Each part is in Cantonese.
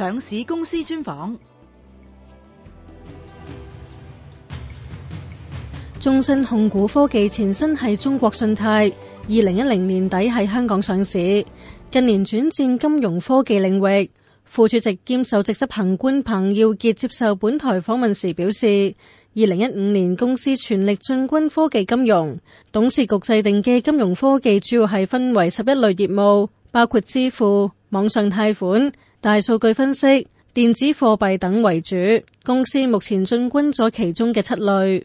上市公司專訪。中新控股科技前身係中國信貸，二零一零年底喺香港上市，近年轉戰金融科技領域。副主席兼首席執行官彭耀傑接受本台訪問時表示，二零一五年公司全力進軍科技金融，董事局制定嘅金融科技主要係分為十一類業務，包括支付、網上貸款。大數據分析、電子貨幣等為主，公司目前進軍咗其中嘅七類。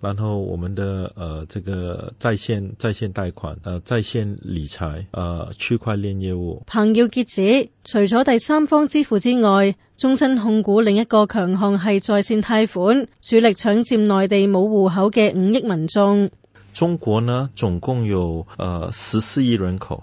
然後我們的呃這個在線在線貸款、呃在線理財、呃區塊鏈業務。彭耀傑指，除咗第三方支付之外，中新控股另一個強項係在線貸款，主力搶佔內地冇戶口嘅五億民眾。中國呢總共有呃十四億人口。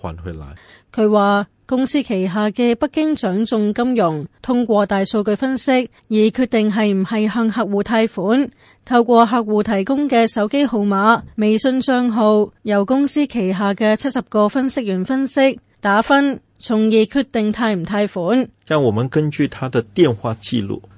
還回來。佢話公司旗下嘅北京掌眾金融通過大數據分析而決定係唔係向客戶貸款，透過客戶提供嘅手機號碼、微信賬號，由公司旗下嘅七十個分析員分析打分，從而決定貸唔貸款。我們根據他的電話記錄。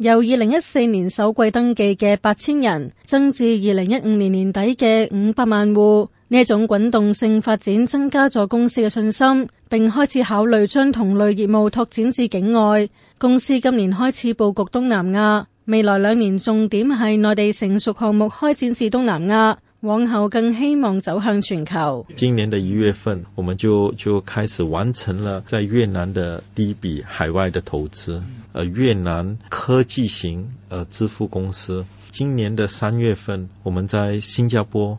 由二零一四年首季登記嘅八千人增至二零一五年年底嘅五百萬戶，呢一種滾動性發展增加咗公司嘅信心，並開始考慮將同類業務拓展至境外。公司今年開始佈局東南亞。未來兩年重點係內地成熟項目開展至東南亞，往後更希望走向全球。今年的一月份，我們就就開始完成了在越南的第一筆海外的投資，呃，越南科技型，呃，支付公司。今年的三月份，我們在新加坡。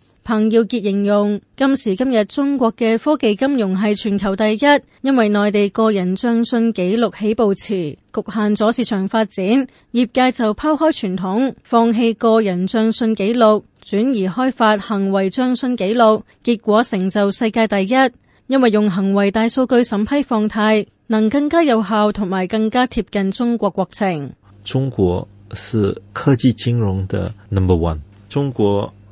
彭耀傑形容今時今日中國嘅科技金融係全球第一，因為內地個人徵信紀錄起步遲，局限咗市場發展，業界就拋開傳統，放棄個人徵信紀錄，轉移開發行為徵信紀錄，結果成就世界第一，因為用行為大數據審批放貸，能更加有效同埋更加貼近中國國情。中國是科技金融的 number one，中國。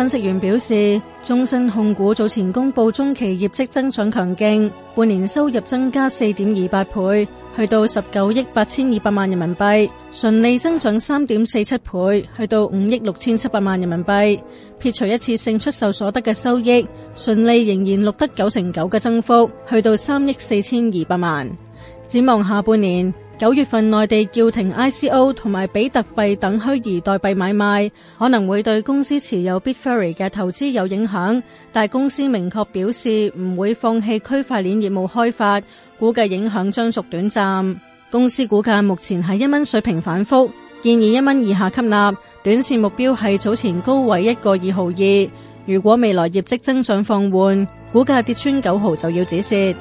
分析員表示，中新控股早前公布中期業績增長強勁，半年收入增加四點二八倍，去到十九億八千二百萬人民幣，純利增長三點四七倍，去到五億六千七百萬人民幣。撇除一次性出售所得嘅收益，純利仍然錄得九成九嘅增幅，去到三億四千二百萬。展望下半年。九月份內地叫停 ICO 同埋比特幣等虛擬代幣買賣，可能會對公司持有 BitFury 嘅投資有影響，但公司明確表示唔會放棄區塊鏈業務開發，估計影響將屬短暫。公司股價目前係一蚊水平反覆，建議一蚊以下吸納，短線目標係早前高位一個二毫二。如果未來業績增長放緩，股價跌穿九毫就要止蝕。